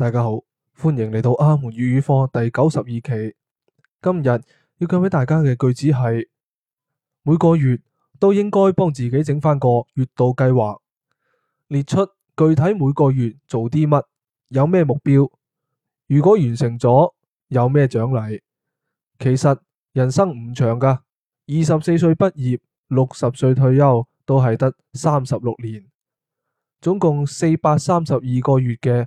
大家好，歡迎嚟到阿門粵語課第九十二期。今日要教俾大家嘅句子係：每個月都應該幫自己整翻個月度計劃，列出具體每個月做啲乜，有咩目標。如果完成咗，有咩獎勵？其實人生唔長噶，二十四歲畢業，六十歲退休，都係得三十六年，總共四百三十二個月嘅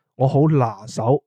我好拿手。